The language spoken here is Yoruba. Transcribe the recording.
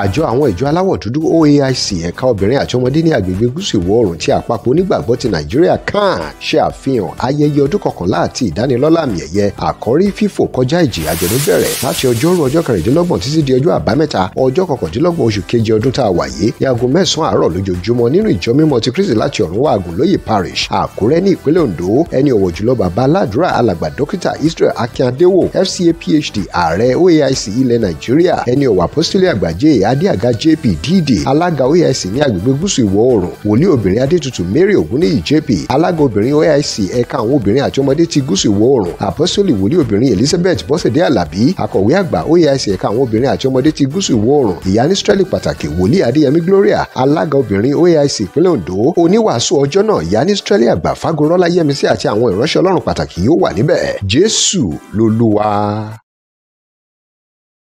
àjọ àwọn ìjọ aláwọ̀ dúdú oaic ẹ̀ka obìnrin àti ọmọdé ní agbègbè gúúsù ìwọ̀ oòrùn tí àpapọ̀ onígbàgbọ́ ti nàìjíríà kan ṣe àfihàn ayẹyẹ ọdún kọkànlá àti ìdánilọ́lá àmì ẹ̀yẹ àkọ́rí fífò kọjá ìjì àjọ̀dún bẹ̀rẹ̀ láti ọjọ́rú ọjọ́ kẹrìndínlọ́gbọ̀n títí di ọjọ́ àbámẹ́ta ọjọ́ kọkàndínlọ́gbọ̀n oṣù keje ọdún tá a wà yìí ní aago mẹ́sàn-án àárọ̀ lójoojúmọ́ nínú ìjọ mímọ́ ti kristi láti ọ̀run wá àgùnlóye parish àkúrẹ́ ní ìpínlẹ̀ ondo ẹni ọ̀wọ̀ jùlọ bàbá aládùúrà alàgbà dókítà israel akíndéwò fca phd ààrẹ oaic ilẹ̀ nàìjíríà ẹni ọ̀wọ̀ àpọ́sítélì àgbàjẹ́ adéàga jp dídè alága oic ní agbègbè gúúsù ìwọ̀ oòrùn wòlíì obìnrin adétutù mary ògúnníyì jp alága obìnrin oic ẹ̀ka àwọn obìnrin àti ọmọdé ti gúúsù ìwọ̀ oòrùn àpọ́sítélì wòlíì obìnrin elizabeth bọ́sẹ̀dé alábí akọ̀wé àgbà oic ẹ̀ka àwọn obìnrin àti ọmọdé ti gúúsù ìwọ̀ oòrùn ìyá ní sítẹ́lì pàtàkì wòlíì adéyẹmí gloria alága obìnrin oic ìpínlẹ̀ ondo oníwàásù ọjọ́ náà ìyá ní sítẹ́lì àgbà fagorọ́lá yẹmísí àti àwọn ìránṣẹ́ ọlọ́run pàtàkì yóò wà níbẹ̀ jésù